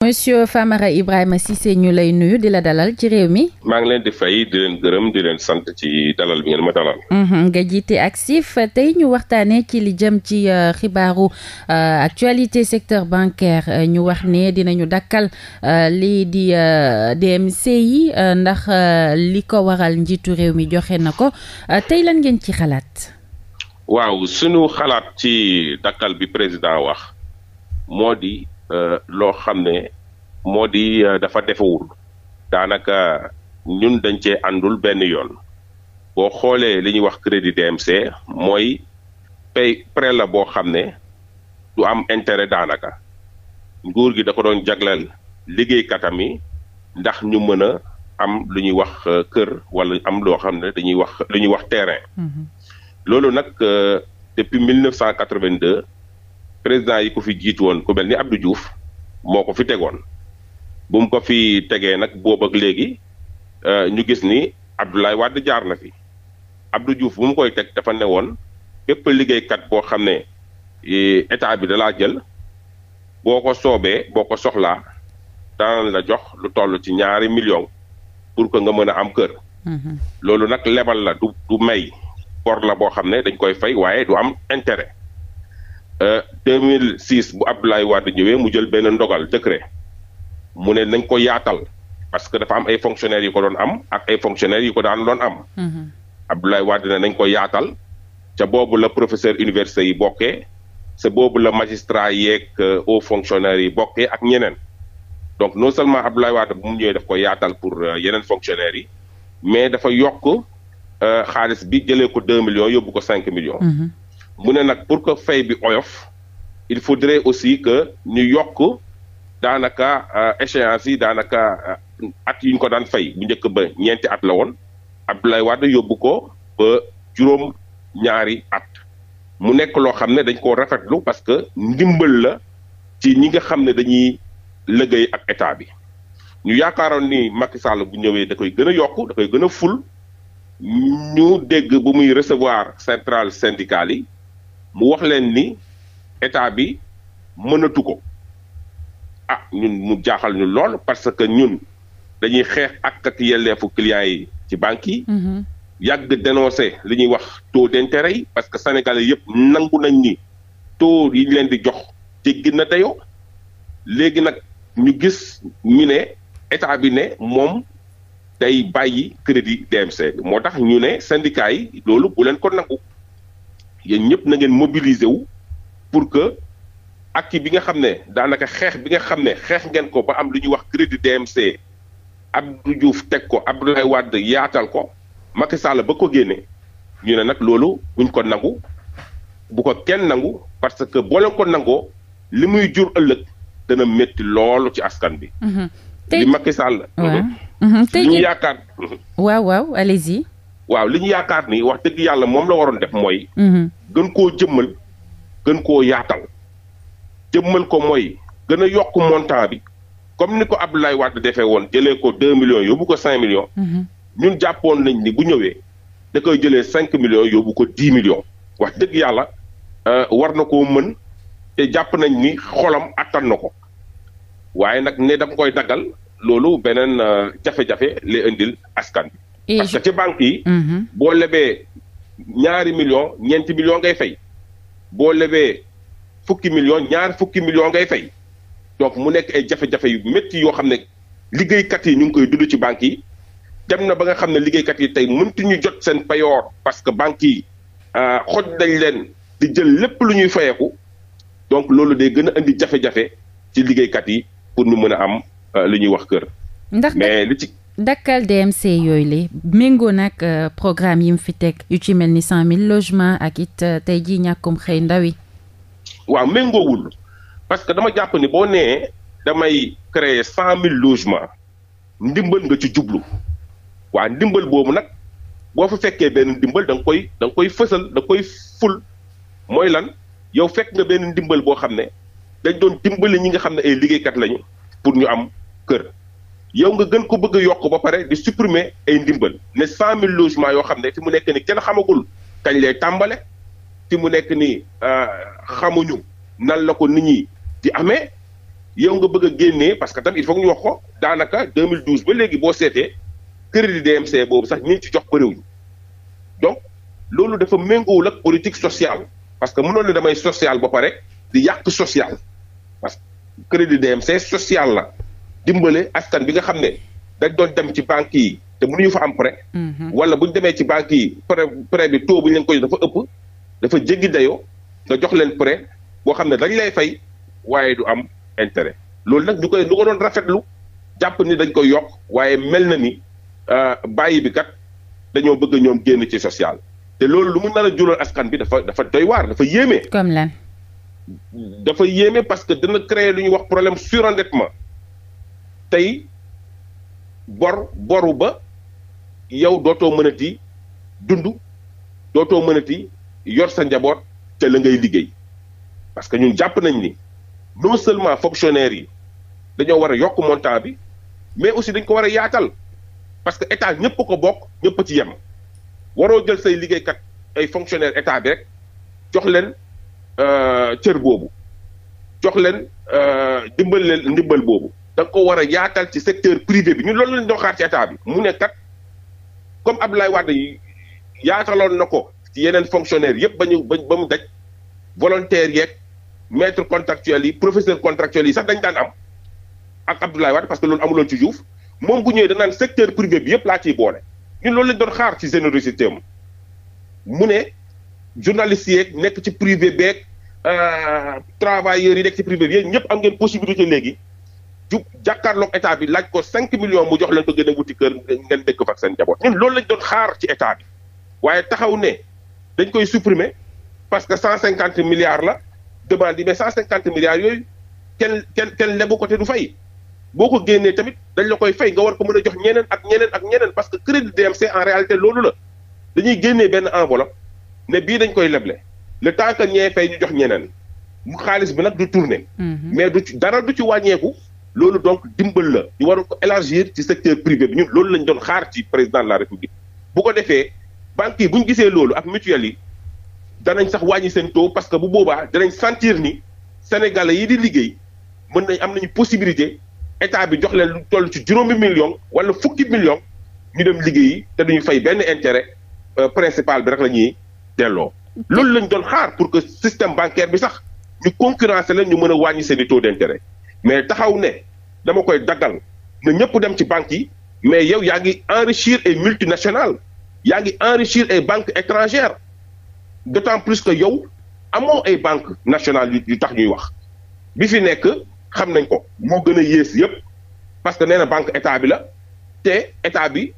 monsieur Famara Ibrahima Cissé ñu lay nuyu di la dalal ci réew mi. maa ngi leen di fay di gërëm di sant ci dalal bi ngeen ma dalal. Mm-hmm, nga jiite Axif tey ñu waxtaanee ci li jëm ci euh, xibaaru euh, actualité secteur bancaire euh, ñu wax ne dinañu dakkal lii di DMC yi ndax li ko waral njiitu réew mi joxe na ko tey lan ngeen ci xalaat. waaw sunu xalaat ci dakkal bi président wax moo di. Euh, loo xam ne moo di euh, dafa defewul daanaka ñun dañ cee àndul benn yoon boo xoolee li ñuy wax crédit DMC mooy pay prêt la boo xam ne du am intérêt daanaka nguur gi da ko doon jagleel liggéeykatam yi ndax ñu mën a am lu ñuy wax euh, kër wala am loo xam ne dañuy wax lu ñuy wax terrain. Mm-hmm. loolu nag depuis 1982. président yi ko fi jiitu woon ku mel ni Abdou Diouf moo ko fi tegoon bu mu ko fi tegee nag boobu ak léegi euh, ñu gis ni Abdoulaye Wade jaar na fi Abdou juuf bu mu koy teg defande ne woon bépp liggéeykat boo xam ne eh, état bi dalaa jël boo ko soobee boo ko soxlaa daan la jox lu toll ci ñaari million pour que nga mën a am kër. Mm-hmm. loolu nag lebal la du du may bor la boo xam ne dañ koy fay waaye du am intérêt. Euh, mille 2006 bu Abdoulaye Wade ñëwee mu jël benn ndogal décret mu ne nañ ko yaatal parce que dafa am ay fonctionnaires yu ko doon am ak ay fonctionnaires yu ko daan doon am. Mm-hmm. Abdoulaye Wade ne nañ ko yaatal ca boobu la professeur université yi bokkee ca boobu la magistrat yeeg euh, haut fonctionnaires yi bokkee ak ñeneen donc non seulement Abdoulaye Wade bu mu ñëwee def ko yaatal pour euh, yeneen fonctionnaires yi mais dafa yokk xaalis bi jëlee ko 2 millions yóbbu ko cinq millions. Mm-hmm. mu ne nag pour que fay bi oyof il faudrait aussi que ñu yokk daanaka euh, échéance yi daanaka euh, at yi ko daan fay bu njëkk ba ñeenti at la woon Abdoulaye Wade yóbbu ko ba juróom ñaari at mu nekk loo xam ne dañ koo rafetlu parce que ndimbal la ci ñi nga xam ne dañuy liggéey ak état bi ñu yaakaaroon ni Macky Sall bu ñëwee da koy gën a yokk da koy gën a ful ñu dégg bu muy recevoir centrale syndicale yi mu wax leen ni état bi mënatu ko ah ñun mu jaaxal ñu lool parce que ñun dañuy xeex ak ak yelleefu clients yi ci banques yi. Mhm. yàgg dénoncé li ñuy wax taux d'intérêt yi parce que sénégalais yëpp nangu nañ ni taux yi leen di jox jéggi na dayoo léegi nag ñu gis ñu ne état bi ne moom day bàyyi crédit DMC moo tax ñu ne syndicat yi loolu bu leen ko nangu. yéen ñëpp na ngeen mobiliser wu pour que ak bi nga xam ne daanaka xeex bi nga xam ne xeex ngeen ko ba am lu ñuy wax crédit DMC Abdou Diouf teg ko Abdoulaye Wade yaatal ko Macky Sall ba ko génne ñu ne nag loolu buñ ko nangu bu ko kenn nangu parce que boo leen ko nangoo li muy jur ëllëg dana métti loolu ci askan bi. Mhm. Mhm. Mhm. tey li Macky Sall. waaw yaakaar. waaw waaw allez waaw li ñu yaakaar ni wax dëgg yàlla moom la waroon def mooy. Mhm. gën koo jëmmal gën koo yaatal. jëmmal ko mooy gën a yokk montant bi comme ni ko Abdoulaye Wade defee woon jëlee ko deux millions yóbbu ko cinq millions. Mhm. ñun jàppoon nañ ni bu ñëwee da koy jëlee cinq millions yóbbu ko dix millions. wax dëgg yàlla euh, war na koo mën te jàpp nañ ni xolam attan na ko waaye nag ne dama koy daggal loolu beneen euh, jafe-jafe lay indil askan parce que ci banque yi. Mm-hmm. boo lebee ñaari million ñeenti million ngay fay. boo lebee fukki million ñaar fukki million ngay fay. donc mu nekk ay jafe-jafe yu métti yoo xam ne liggéeykat yi ñu ngi koy dund ci banque yi dem na ba nga xam ne liggéeykat yi tey mënti ñu jot seen payoor parce que banques yi euh, xoj dañ leen di jël lépp lu ñuy fayeku donc loolu day gën a indi jafe-jafe ci liggéeykat yi pour ñu mën a am euh, li ñuy wax kër. ndax mais dakkal DMC yooyu li méngoo nag euh, programme yi mu fi teg yu ci mel ni cent mille logements ak it euh, tey jii ñàkkum xëy ndaw yi. waaw méngoowul parce que dama jàpp ni boo nee damay créer cent mille ndimbal nga ci jublu waa ndimbal boobu nag boo fa fekkee benn ndimbal danga koy da fësal da nga koy ful mooy lan yow fekk nga benn ndimbal boo xam ne dañ doon dimbali ñi nga xam ne ay liggéeykat lañu pour ñu am kër. yow nga gën ko bëgg a yokk ba pare di supprimer ay ndimbal ne cent mil logements yoo xam ne fi mu nekk ni kenn xamagul kañ lay tàmbale ti mu nekk ni euh, xamuñu nan la ko nit ñi di amee yow nga bëgg a génnee parce que tamit il faut ñu wax ko daanaka 2012 ba léegi boo seetee crédit DMC boobu sax ñi ci jox bëriwuñu donc loolu dafa méngoowul ak politique sociale parce que mënoon ne damay social ba pare di yàq social parce que crédit DMC sociale la dimbale askan bi nga xam ne dañ doon dem ci banque yi te ñu fa am prêt. Mhm. wala bu ñu demee ci banque yi prêt prêt bi taux bu ñu leen koy dafa ëpp dafa jéggi dayoo nga jox leen pre boo xam ne dañ lay fay waaye du am intérêt loolu nag ñu koy lu ko doon rafetlu jàpp ni dañ koy yokk waaye mel na ni euh, bàyyi bi kat dañoo bëgg ñoom génn ci social te loolu lu mu nar a jural askan bi dafa dafa doy waar dafa yéeme. comme dafa yéeme parce que dana créer lu ñuy wax problème surendettement tey bor boru ba yow dootoo mënati dund dootoo mënati yor sa njaboot te la ngay liggéey parce que ñun jàpp nañ ni non seulement fonctionnaires yi dañoo war a yokk montant bi mais aussi dañ ko war a yaatal parce que état ñëpp ko bokk ñëpp ci yem waroo jël say liggéeykat ay fonctionnaires état bi rek jox leen euh, cër boobu jox leen euh, dimbal leen ndimbal boobu da ko war a yaatal ci secteur privé bi ñu loolu lañ doon xaar ci état bi mu ne kat comme Abdoulaye Wade yaataloon na ko ci yeneen fonctionnaire yëpp ba ñu ba mu daj volontaire yeeg maître contractuel yi professeur contractuel yi sax dañ daan am ak Abdoulaye Wade parce que loolu amuloon ci Diouf moom bu ñëwee danaan secteur privé bi yëpp laa ciy boole ñun loolu lañ doon xaar ci générosité am mu ne journaliste yeeg nekk ci privé beeg euh, travailleurs yi nekk ci privé bi yéen ñëpp am ngeen possibilité léegi jub jàkkaarloog état bi laaj ko cinq millions mu jox leen ko gën a wuti kër ngeen dëkk fa seen njaboot ñun loolu lañ doon xaar ci état bi waaye taxaw ne dañ koy supprimer parce que cent cinquante milliards la demande yi mais cent cinquante milliards yooyu kenn kenn kenn lebu ko te du fay boo ko génnee tamit dañ la koy fay nga war ko mën a jox ñeneen ak ñeneen ak ñeneen parce que crédit DMC en réalité loolu la dañuy génnee benn enveloppe ne bii dañ koy leble le temps que ñee fay ñu jox ñeneen mu xaalis bi nag du tourner mm-hmm. mais du dara du ci wàññeeku loolu donc dimbal la ñu waroon ko élargir ci secteur privé bi ñun loolu lañ doon xaar ci président de la république bu ko defee banques yi bu gisee loolu ak mutuelle yi danañ sax wàññi seen taux parce que bu boobaa danañ sentir ni sénégalais yi di liggéey mën nañ am nañu possibilité état bi jox leen lu toll ci juróomi million wala fukki million ñu dem liggéey te duñu fay benn intérêt euh, principal bi rek la ñuy delloo loolu lañ doon xaar pour que système bancaire bi sax ñu concurrencer leen ñu mën a wàññi seen i taux d' intérêt mais taxaw ne dama koy daggal na ñëpp dem ci banques yi mais yow yaa ngi enrichir ay multinationales yaa ngi enrichir ay banques étrangères d'autant plus que yow amoo ay banques nationales yu tax ñuy wax bi fi nekk xam nañ ko moo gën a yées yëpp parce que nee banque état bi la te état bi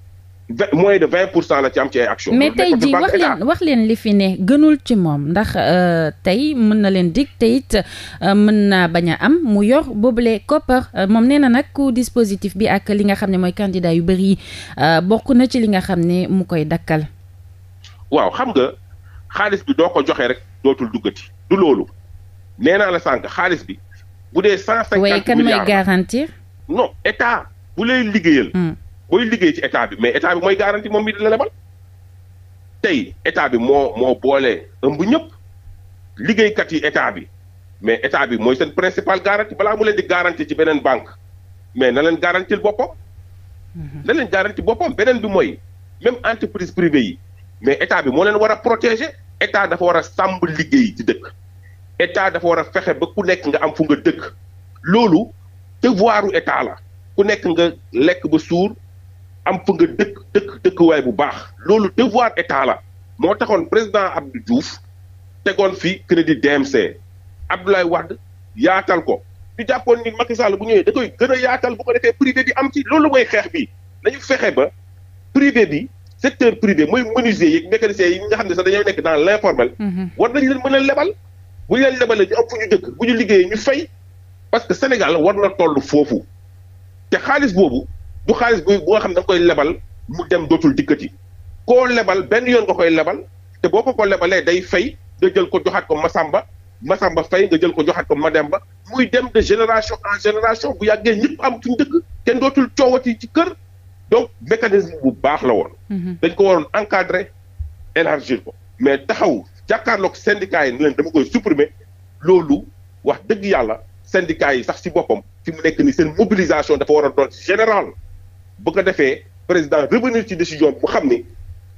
moins pour cent la ci mais tey jii wax leen wax leen li fi ne gënul ci moom ndax euh, tey mën na leen dig te euh, mën naa bañ a am mu yor boobule koppar euh, moom nee na nag ku dispositif bi ak li nga xam ne mooy candidat yu bëri bokk na ci li nga xam ne mu koy dakkal. waaw xam nga xaalis bi doo ko joxe rek dootul duggati du loolu nee la sànq xaalis bi bu dee cent kan mooy garantir. non état bu lay liggéeyal. Hmm. booy liggéey ci état bi mais état bi mooy garanti moom mi di la lebal tey état bi moo moo boole ëmb ñëpp liggéeykat yi état bi mais état bi mooy seen principal garanti balaa mu leen di garanti ci beneen banque mais na leen garantil boppam. Mhm. na leen garanti boppam beneen bi mooy même entreprise privée yi mais état bi moo leen war a protéger état dafa war a sàmb liggéey ci dëkk état dafa war a fexe ba ku nekk nga am fu nga dëkk loolu devoiru état la ku nekk nga lekk ba suur am fa nga dëkk dëkk dëkkuwaay bu baax loolu devoir état la moo taxoon président Abdou Diouf tegoon fi crédit DMC Abdoulaye Wade yaatal ko ñu jàppoon ni Macky Sall bu ñëwee koy gën a yaatal bu ko defee privé bi am ci loolu mooy xeex bi nañu fexe ba privé bi secteur privé mooy menuisier yeeg mécanicien yi nga xam ne sax dañoo nekk dans l' informel. Mhm. war nañ leen mën a lebal bu ñu leen lebalee ñu am fu ñu dëkk bu ñu liggéeyee ñu fay parce que Sénégal war na toll foofu te xaalis boobu. du xaalis bu bu nga xam ne da koy lebal mu dem dootul dikkati ko lebal benn yoon nga koy lebal te boo ko ko lebalee day fay nga jël ko joxaat ko Masamba Masamba fay nga jël ko joxaat ko Mademba muy dem de génération en génération bu yàggee ñëpp am suñu dëkk te dootul coowati ci kër donc mécanisme bu baax la woon. Mhm. dañ ko waroon encadrer élargir ko mais taxaw jàkkaarloog syndicat yi ne leen dama koy supprimer loolu wax dëgg yàlla syndicat yi sax si boppam fi mu nekk ni seen mobilisation dafa war a doon bu ko defee président revenir ci décision bu xam ni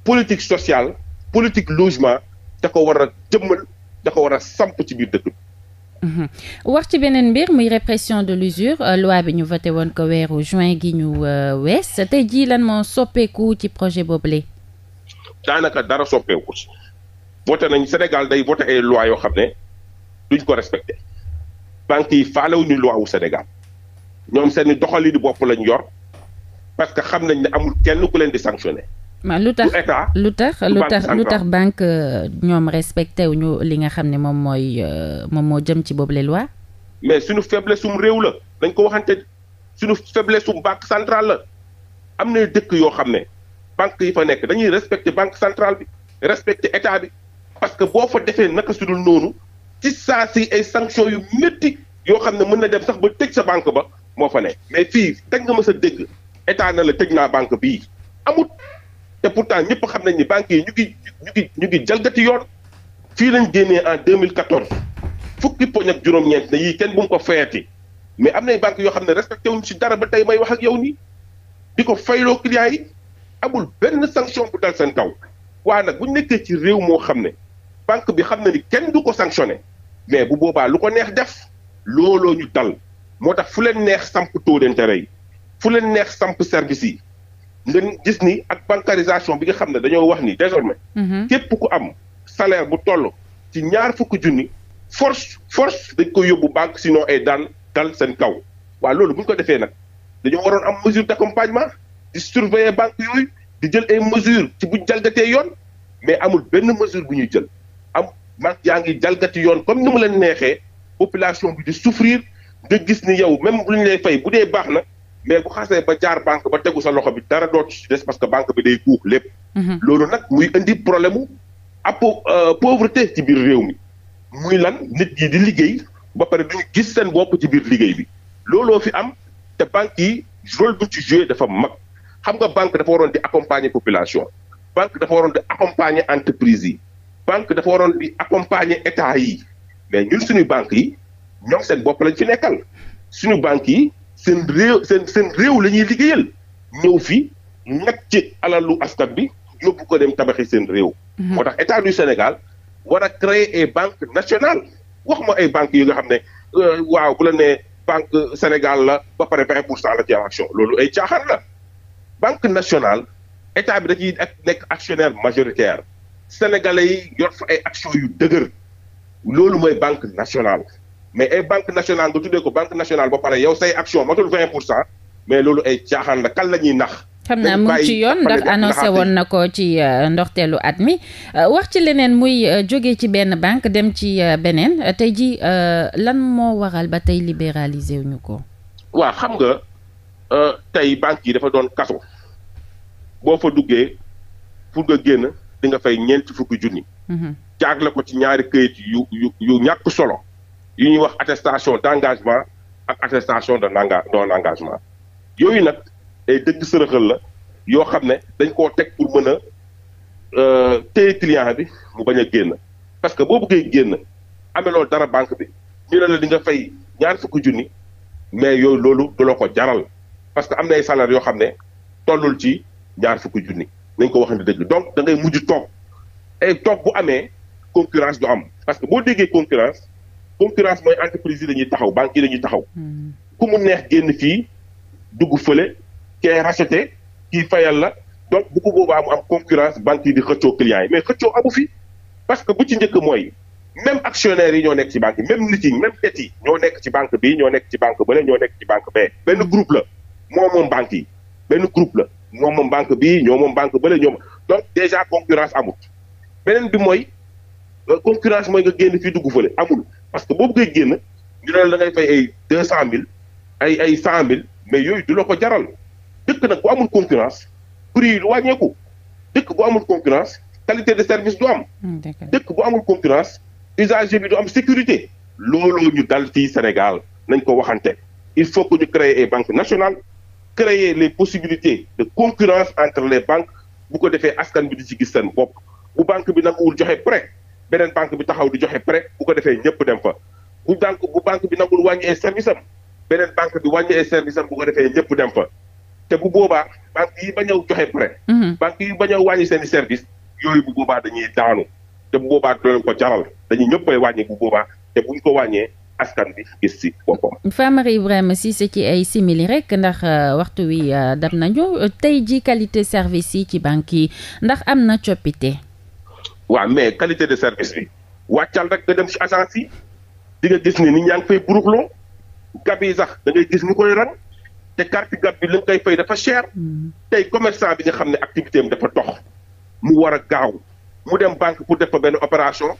politique sociale politique logement da ko war a jëmmal da ko war a samp ci biir dëkk bi. Mhm. wax ci beneen mbir muy répression de l'usure euh, loi bi ñu voté woon ko weeru juin gi ñu euh, wees te jii lan moo soppeeku ci projet boobule. daanaka dara soppeeku ci voté nañ Sénégal day voté ay loi yoo xam ne luñ ko respecté banque yi faalewu ñu loi wu Sénégal ñoom seen i doxalin bopp lañ yor. parce que xam nañ ne amul kenn ku leen di sanctionné. ma lu tax lu tax lu tax lu tax banque euh, ñoom respecté wu ñu li nga xam ne moom mooy euh, moom moo jëm ci boobu les lois. mais suñu faiblesse sum réew la dañ ko waxante suñu faiblesse sum banque centrale la am na dëkk yoo xam ne banque yi fa nekk dañuy respecté banque centrale bi respecté état bi parce que boo fa defee naka sudul noonu ci saa si ay sanctions yu métti yoo xam ne mën na dem sax ba tëj sa banque ba moo fa nekk fii teg nga ma état na la tëj naa banque bii amut te pourtant ñëpp xam nañ ni banques yi ñu ngi ñu ngi ñu jalgati yoon fii lañ génnee en 2014 fukki poñ ak juróom-ñeent na yii kenn bu mu ko fayati mais am nay banques yoo xam ne respecté wuñ si dara ba tey may wax ak yow nii di ko fayloo clients yi amul benn sanction bu dal seen kaw waa nag bu nekkee ci réew moo xam ne banque bi xam na ni kenn du ko sanctionné mais bu boobaa lu ko neex def looloo ñu dal moo tax fu leen neex samp taux d'intérêt yi fu leen neex samp service yi ngeen gis ni ak bancarisation bi nga xam ne dañoo wax ni désormais mhm. képp ku am salaire bu toll ci ñaar fukki junni force force dañ koy yóbbu banque sinon ay daan dal seen kaw waa loolu bu ñu ko defee nag dañoo waroon am mesure d'accompagnement di surveiller banque yooyu di jël ay mesures ci bu jalgatee yoon mais amul benn mesure bu ñuy jël am banque yaa ngi jalgati yoon comme ni mu leen neexee population bi di souffrir nga gis ni yow même lu ñu lay fay bu baax na mais bu xasee ba jaar banque ba tegu sa loxo bi dara dootu si des que banque bi day guux lépp. Mhm. loolu nag muy indi problème mu apo euh, pauvreté ci biir réew mi. muy lan nit yi di liggéey ba pare duñu gis seen bopp ci biir liggéey bi looloo fi am te banque yi rôle bu ci joué dafa mag xam nga banque dafa waroon di accompagner population. banque dafa waroon di accompagner entreprise yi. dafa waroon di accompagner état yi mais ñun suñu banque yi ñoom seen bopp lañ fi nekkal suñu banque yi. seen réew seen seen réew la ñuy liggéeyal ñëw fi nag ci alalu askan bi yóbbu ko dem tabaxi seen réew. Mhm. moo tax état du Sénégal war a créer ay banques nationales wax ma ay banques yi nga xam ne euh, waaw bu la banque Sénégal la ba pare vingt pour cent la ci action loolu ay caaxaan la banque nationale état bi da ciy nekk actionnaire majoritaire sénégalais yi yor fa ay action yu dëgër loolu mooy banque nationale. mais ay banque nationale nga tuddee ko banque nationale ba pare yow say action matul vingt mais loolu ay caaxaan la kan la ñuy nax xam naa mu ngi ci yoon ndax annoncé na ko ci euh, ndoxteelu at mi euh, wax ci leneen muy euh, jóge ci benn banque dem ci beneen tey ji lan moo waral ba tey libéraliser wu ñu ko waa xam nga tey banque yi dafa doon kaso boo fa duggee pour nga génn di nga fay ñeenti fukki junni mhm. jaag la ko ci ñaari kayit yu yu yu ñàkk solo yu ñuy wax attestation d' engagement ak attestation de non engagement yooyu nag ay dëgg sërëxal la yoo xam ne dañ koo teg pour mën a euh, téye client bi mu bañ a génn parce que boo bëggee génn ameloo dara banque bi ñu ne la di nga fay ñaar fukki junni mais yooyu loolu du ko jaral parce que am na ay salaire yoo xam ne tollul ci ñaar fukki junni dañ ko waxante dëgg donc dangay mujj toog ay toog bu amee concurrence du am parce que boo déggee concurrence concurrence mooy entreprise yi dañuy taxaw banques yi dañuy taxaw. Hmm. ku mu neex génn fii dugg fële kee racheté kii fayal la donc bu ko boobaa mu am concurrence banques yi di xëccoo clients yi mais xëccoo amu fi parce que bu ci njëkk mooy même actionnaires yi ñoo nekk ci banque bi même nit yi même yi ñoo nekk ci banque bi ñoo nekk ci banque bële ñoo nekk ci banque bee benn hmm. groupe la moo moom banque yi benn groupe la ñoo moom banque bii ñoo moom banque bële ñoom donc déjà concurrence amut beneen bi mooy euh, concurrence mooy nga génn fii dugg fële amul parce que boobu ngay génn ñu ne la da fay ay deux cent mille ay ay cent mille mais yooyu du la ko jaral dëkk nag bu amul concurrence prix yi du wàññeeku dëkk bu amul concurrence qualité de services du am. Hmm, dëkk bu amul concurrence usager bi du am sécurité. looloo ñu dal fii Sénégal nañ ko waxante il faut que ñu créer ay banques nationale créer les possibilités de concurrence entre les banques bu ko defee askan bi di ci gis seen bopp bu banque bi nanguwul joxe prêt beneen banque bi taxaw di joxe prêt bu ko defee ñëpp dem fa bu banque bu banque bi nangul wàññi ay service am beneen banque bi wàññi ay service bu ko defee ñëpp dem fa te bu boobaa banque yi bañ a joxe prêt mhm. banque yi bañ a wàññi seen service yooyu bu boobaa dañuy daanu te bu boobaa doo leen ko jaral dañuy ñëpp koy wàññi bu boobaa te buñ ko wàññee askan bi gis si boppam. Famara si Cissé ci ay simili rek ndax euh, waxtu wi euh, dab nañu tey ji qualité service yi ci banque yi ndax am na coppite. waa mais qualité de service bi wàccal rek nga dem ci agence yi di nga gis ni nit ñaa ngi fay buruxloo gab yi sax da ngay gis ñu koy rang te carte gab bi li nga koy fay dafa cher mm-hmm. tey commerçant bi nga xam ne activité am dafa tox mu war a gaaw mu dem banque pour def fa benn opération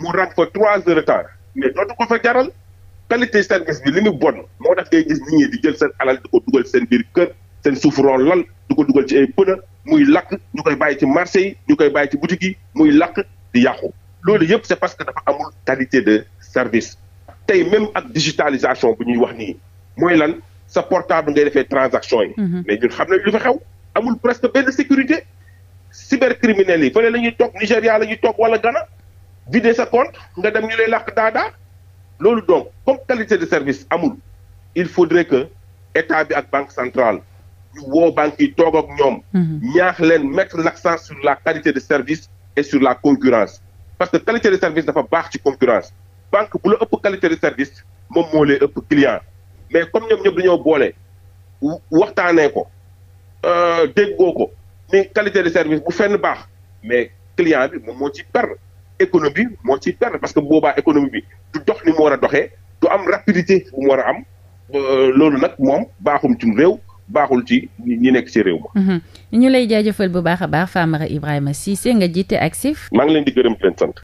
mu rang fa trois heures de temps mais dootu ko fa jaral qualité service bi li mu bon moo tax ngay gis nit ñi di jël seen alal di ko dugal seen biir kër seen suufuroon lal du ko dugal ci ay pëna muy lakk ñu koy bàyyi ci marché yi ñu koy bàyyi ci boutique yi muy lakk di yàqu loolu yëpp c'est parce que dafa amul qualité de service tey même ak digitalisation bu ñuy wax nii mooy lan sa portable ngay defee transaction yi mhm. mais ñun xam nañ lu fa xew amul presque benn sécurité cybercriminels yi fële la ñuy toog Nigéria la ñuy toog wala gana vider sa compte nga dem ñu lay làkk daadaa loolu donc comme qualité de service amul il faudrait que état bi ak banque centrale ñu woo banques yi toog ñoom. Mhm. ñaax leen mettre l'accent sur la qualité de service et sur la concurrence parce que qualité de service dafa baax ci concurrence banque bu la ëpp qualité de service moom moo le ëpp client mais comme ñoom ñëpp dañoo boole waxtaanee ko euh, déggoo ko ni qualité de service bu fenn baax mais client bi moom moo ci per économie moo ci perdre parce que boobaa économie bi du dox ni mu war a doxee du am rapidité bu mu war a am euh, loolu nag moom baaxum ci réew. baaxul ci ñi nekk ci réew ma. Mm-hmm. ñu lay jaajëfal bu baax a baax Famara Ibrahima Cissé nga jiite ACSIF. maa ngi leen di gërëm leen sant.